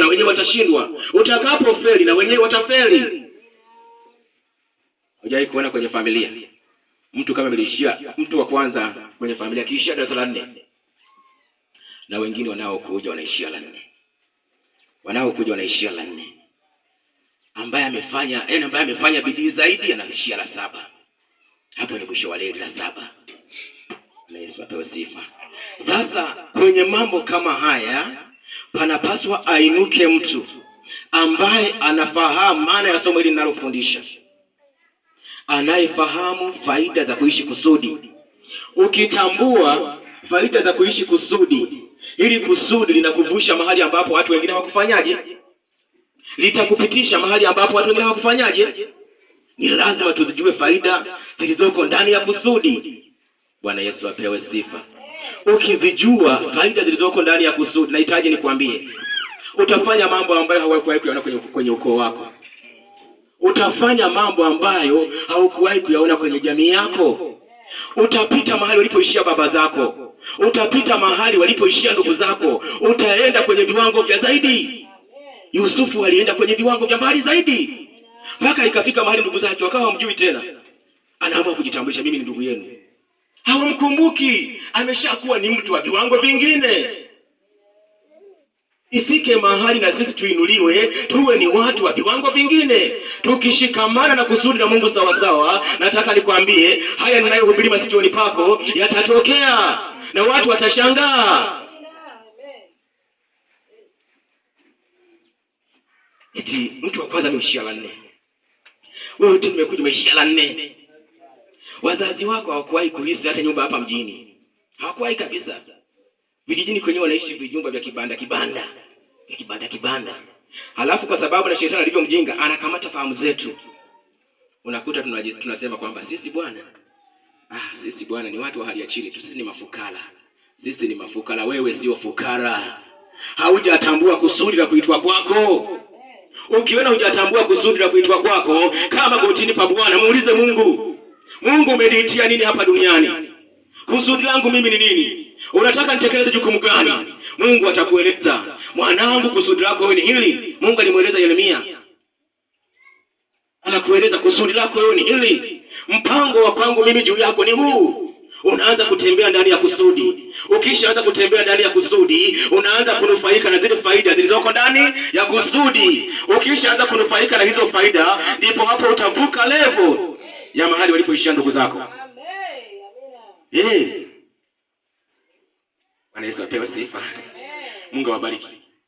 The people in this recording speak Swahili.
na wenyewe watashindwa, utakapofeli na wenyewe watafeli. Hujai kuona kwenye familia mtu kama nilishia mtu wa kwanza kwenye familia kiishia darasa la nne, na wengine wanaokuja wanaishia la nne, wanaokuja wanaishia la nne, ambaye amefanya yani, ambaye amefanya bidii zaidi anaishia la saba. Hapo ni mwisho wa leli la saba. Na Yesu apewe sifa. Sasa kwenye mambo kama haya panapaswa ainuke mtu ambaye anafahamu maana ya somo hili ninalofundisha, anayefahamu faida za kuishi kusudi. Ukitambua faida za kuishi kusudi, ili kusudi linakuvusha mahali ambapo watu wengine hawakufanyaje, litakupitisha mahali ambapo watu wengine hawakufanyaje. Ni lazima tuzijue faida zilizoko ndani ya kusudi. Bwana Yesu apewe sifa ukizijua faida zilizoko ndani ya kusudi, nahitaji nikwambie, utafanya mambo ambayo haukuwahi kuyaona kwenye, kwenye ukoo wako. Utafanya mambo ambayo haukuwahi kuyaona kwenye jamii yako. Utapita mahali walipoishia baba zako, utapita mahali walipoishia ndugu zako, utaenda kwenye viwango vya zaidi. Yusufu alienda kwenye viwango vya mbali zaidi, mpaka ikafika mahali ndugu zake wakawa hamjui tena, anaamua kujitambulisha, mimi ni ndugu yenu. Hawamkumbuki, ameshakuwa ni mtu wa viwango vingine. Ifike mahali na sisi tuinuliwe, tuwe ni watu wa viwango vingine, tukishikamana na kusudi la Mungu sawasawa. Nataka nikwambie haya ninayohubiri masikioni pako yatatokea na watu watashangaa. Eti mtu wa kwanza ameishia la nne, wewe tu umekuja umeishia la nne. Wazazi wako hawakuwahi kuhisi hata nyumba hapa mjini hawakuwahi kabisa. Vijijini kwenyewe wanaishi vijumba vya kibanda kibanda vya kibanda kibanda. Halafu kwa sababu na shetani alivyo mjinga, anakamata fahamu zetu, unakuta tunasema kwamba sisi bwana, ah, sisi bwana ni watu wa hali ya chini tu, sisi ni mafukara, sisi ni mafukara. Wewe sio fukara, haujatambua kusudi la kuitwa kwako. Ukiona hujatambua kusudi la kuitwa kwako, kama gotini pa Bwana, muulize Mungu, Mungu umeniitia nini hapa duniani? kusudi langu mimi ni nini? Unataka nitekeleze jukumu gani? Mungu atakueleza, mwanangu, kusudi lako wewe ni hili. Mungu alimweleza Yeremia, anakueleza kusudi lako wewe ni hili, mpango wa kwangu mimi juu yako ni huu unaanza kutembea ndani ya kusudi. Ukishaanza kutembea ndani ya kusudi, unaanza kunufaika na zile faida zilizoko ndani ya kusudi. Ukishaanza kunufaika na hizo faida, ndipo hapo utavuka levo ya mahali walipoishia ndugu zako. Bwana Yesu apewe sifa. Mungu awabariki.